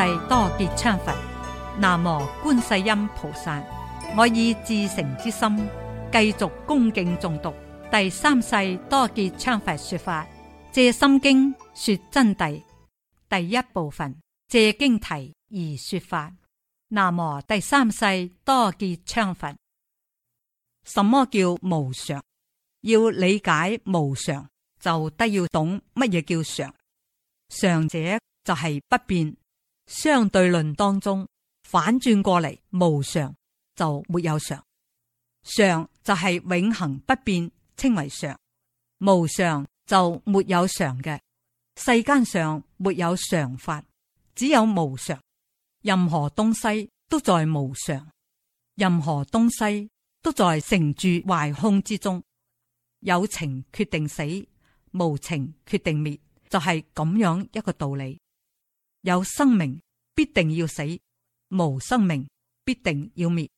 第三世多杰羌佛，南無觀世音菩薩。我以至誠之心，繼續恭敬誦讀第三世多杰羌佛說法《藉心經》說真諦第一部分。藉經題而說法，南無第三世多杰羌佛。什麼叫無常？要理解無常，就得要懂乜嘢叫常。常者就係不變。相對論當中，反轉過嚟，無常就沒有常，常就係永恒不變，稱為常。無常就沒有常嘅，世間上沒有常法，只有無常。任何東西都在無常，任何東西都在成住壞空之中。有情決定死，無情決定滅，就係、是、咁樣一個道理。有生命必定要死，無生命必定要滅。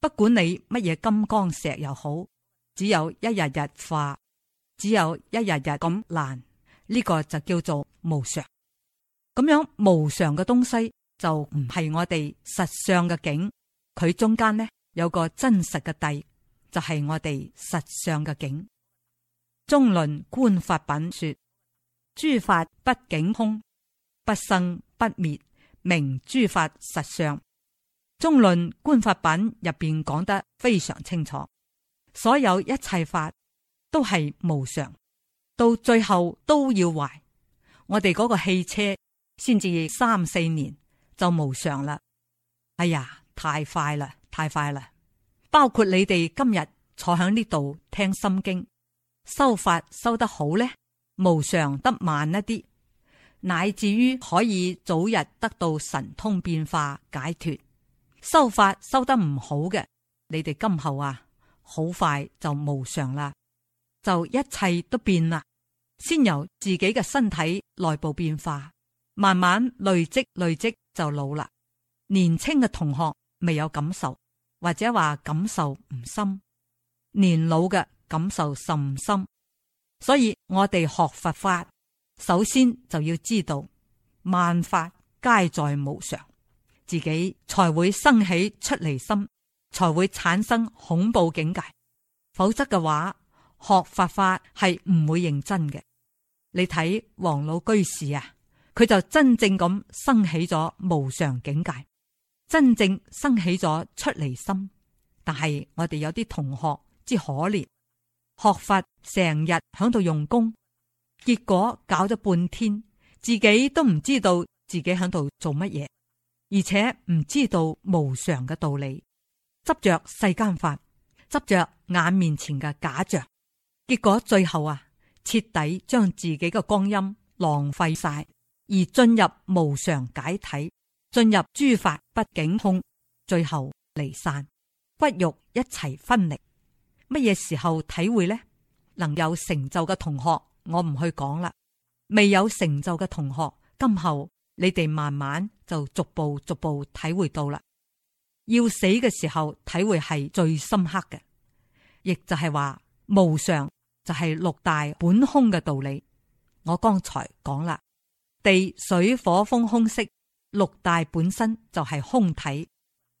不管你乜嘢金剛石又好，只有一日日化，只有一日日咁難呢，呢個就叫做無常。咁樣無常嘅東西就唔係我哋實相嘅境，佢中間呢有個真實嘅地，就係、是、我哋實相嘅境。中論觀法品說：諸法不境空。不生不滅，明諸法實相。中論觀法品入邊講得非常清楚，所有一切法都係無常，到最後都要壞。我哋嗰個汽車先至三四年就無常啦。哎呀，太快啦，太快啦！包括你哋今日坐喺呢度聽心經，修法修得好咧，無常得慢一啲。乃至於可以早日得到神通變化解脫，修法修得唔好嘅，你哋今後啊，好快就無常啦，就一切都變啦。先由自己嘅身體內部變化，慢慢累積累積就老啦。年輕嘅同學未有感受，或者話感受唔深，年老嘅感受甚深。所以我哋學佛法。首先就要知道，萬法皆在無常，自己才會生起出離心，才會產生恐怖境界。否則嘅話，學佛法係唔會認真嘅。你睇黃老居士啊，佢就真正咁生起咗無常境界，真正生起咗出離心。但係我哋有啲同學之可憐，學佛成日響度用功。結果搞咗半天，自己都唔知道自己喺度做乜嘢，而且唔知道無常嘅道理，執着世間法，執着眼面前嘅假象，結果最後啊，徹底將自己嘅光陰浪費晒，而進入無常解體，進入諸法畢竟空，最後離散，骨肉一齊分離。乜嘢時候體會呢？能有成就嘅同學。我唔去講啦，未有成就嘅同學，今後你哋慢慢就逐步逐步體會到啦。要死嘅時候，體會係最深刻嘅，亦就係話無常就係六大本空嘅道理。我剛才講啦，地水火風空色六大本身就係空體，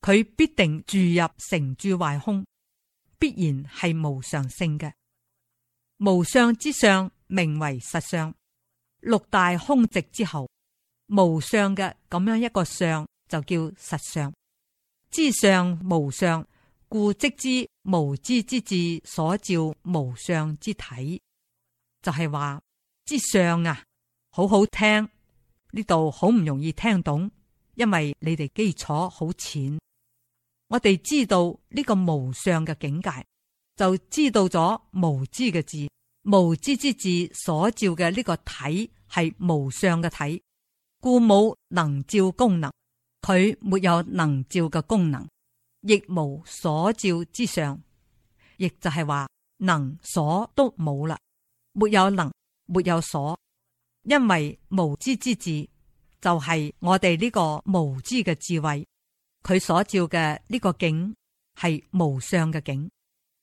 佢必定注入成住壞空，必然係無常性嘅，無常之上，名為實相，六大空寂之後，無相嘅咁樣一個相就叫實相。知相無相，故即知無知之智所照無相之體，就係、是、話知相啊，好好聽。呢度好唔容易聽懂，因為你哋基礎好淺。我哋知道呢個無相嘅境界，就知道咗無知嘅字。無知之智所照嘅呢個體係無相嘅體，故冇能照功能，佢沒有能照嘅功能，亦無所照之相，亦就係話能所都冇啦，沒有能，沒有所，因為無知之智就係我哋呢個無知嘅智慧，佢所照嘅呢個境係無相嘅境，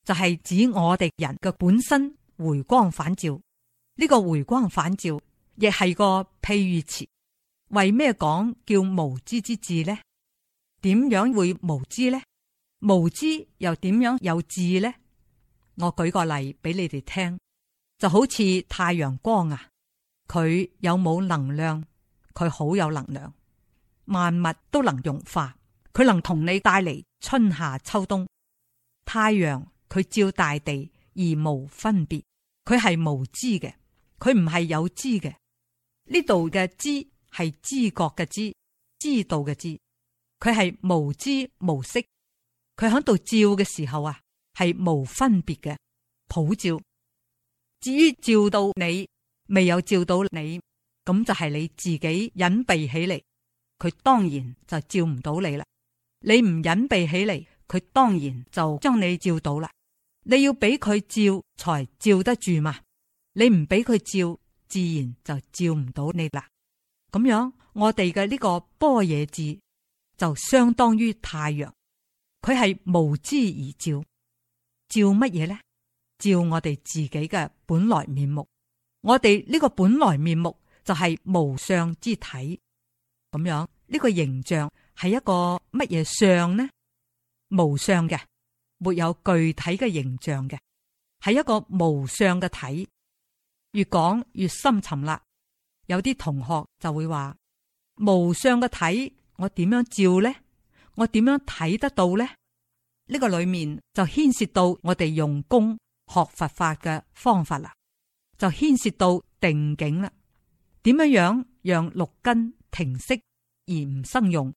就係指我哋人嘅本身。回光返照呢、這個回光返照亦係個譬喻詞，為咩講叫無知之智呢？點樣會無知呢？無知又點樣有智呢？我舉個例俾你哋聽，就好似太陽光啊，佢有冇能量？佢好有能量，萬物都能溶化，佢能同你帶嚟春夏秋冬。太陽佢照大地而無分別。佢係無知嘅，佢唔係有知嘅。呢度嘅知係知覺嘅知，知道嘅知。佢係無知無識。佢喺度照嘅時候啊，係無分別嘅普照。至於照到你，未有照到你，咁就係你自己隱蔽起嚟，佢當然就照唔到你啦。你唔隱蔽起嚟，佢當然就將你照到啦。你要俾佢照，才照得住嘛？你唔俾佢照，自然就照唔到你啦。咁樣，我哋嘅呢個般若智就相當於太陽，佢係無知而照，照乜嘢咧？照我哋自己嘅本來面目。我哋呢個本來面目就係無相之體。咁樣呢個形象係一個乜嘢相呢？無相嘅。沒有具體嘅形象嘅，係一個無相嘅體，越講越深沉啦。有啲同學就會話：無相嘅體，我點樣照呢？我點樣睇得到呢？呢個裏面就牽涉到我哋用功學佛法嘅方法啦，就牽涉到定境啦。點樣樣讓六根停息而唔生用？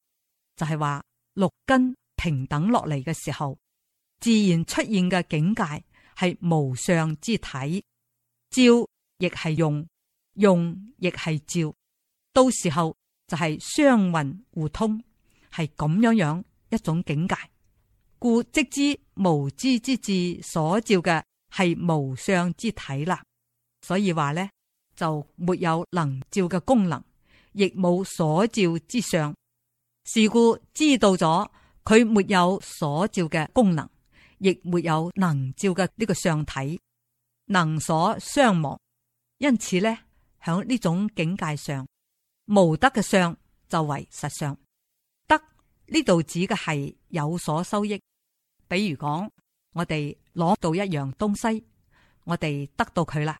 就係話六根平等落嚟嘅時候。自然出現嘅境界係無相之體，照亦係用，用亦係照。到時候就係雙運互通，係咁樣樣一種境界。故即知無知之智所照嘅係無相之體啦。所以話咧，就沒有能照嘅功能，亦冇所照之相。是故知道咗佢沒有所照嘅功能。亦沒有能照嘅呢個相體，能所相亡，因此咧響呢在這種境界上，無得嘅相就為實相。得呢度指嘅係有所收益，比如講我哋攞到一樣東西，我哋得到佢啦，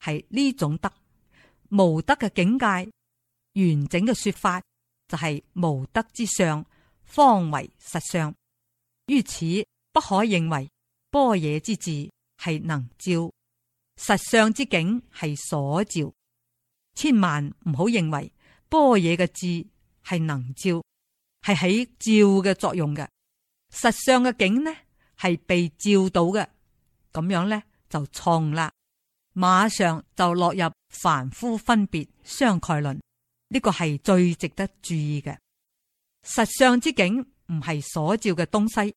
係呢種得。無得嘅境界，完整嘅說法就係、是、無得之相，方為實相。於此。不可認為般若之智係能照，實相之境係所照。千萬唔好認為般若嘅智係能照，係起照嘅作用嘅。實相嘅境呢，係被照到嘅。咁樣呢就錯啦，馬上就落入凡夫分別相概論。呢個係最值得注意嘅。實相之境唔係所照嘅東西。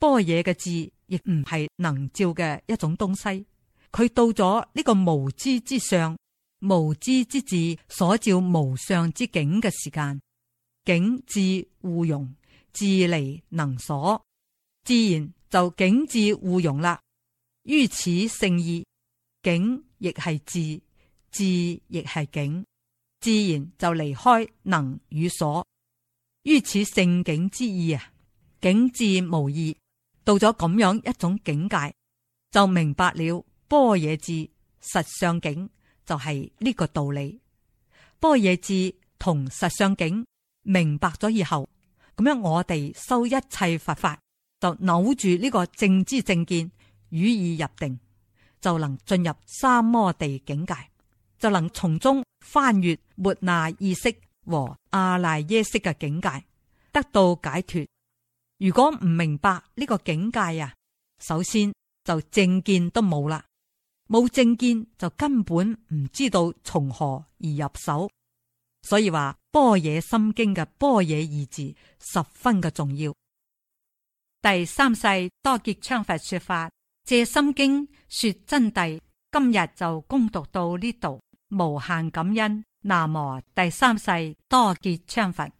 波野嘅字亦唔係能照嘅一種東西，佢到咗呢個無知之上，無知之智所照無上之境嘅時間，境智互融，智離能所，自然就境智互融啦。於此勝義，境亦係智，智亦係境，自然就離開能與所。於此勝境之義啊，境智無義。到咗咁樣一種境界，就明白了般若智實相境就係、是、呢個道理。般若智同實相境明白咗以後，咁樣我哋修一切佛法，法，就扭住呢個正知正見，予以入定，就能進入三摩地境界，就能從中翻越末那意識和阿賴耶識嘅境界，得到解脫。如果唔明白呢個境界呀，首先就正見都冇啦，冇正見就根本唔知道從何而入手，所以話般若心經嘅般若二字十分嘅重要。第三世多杰羌佛說法，借心經說真諦，今日就恭讀到呢度，無限感恩。南無第三世多杰羌佛。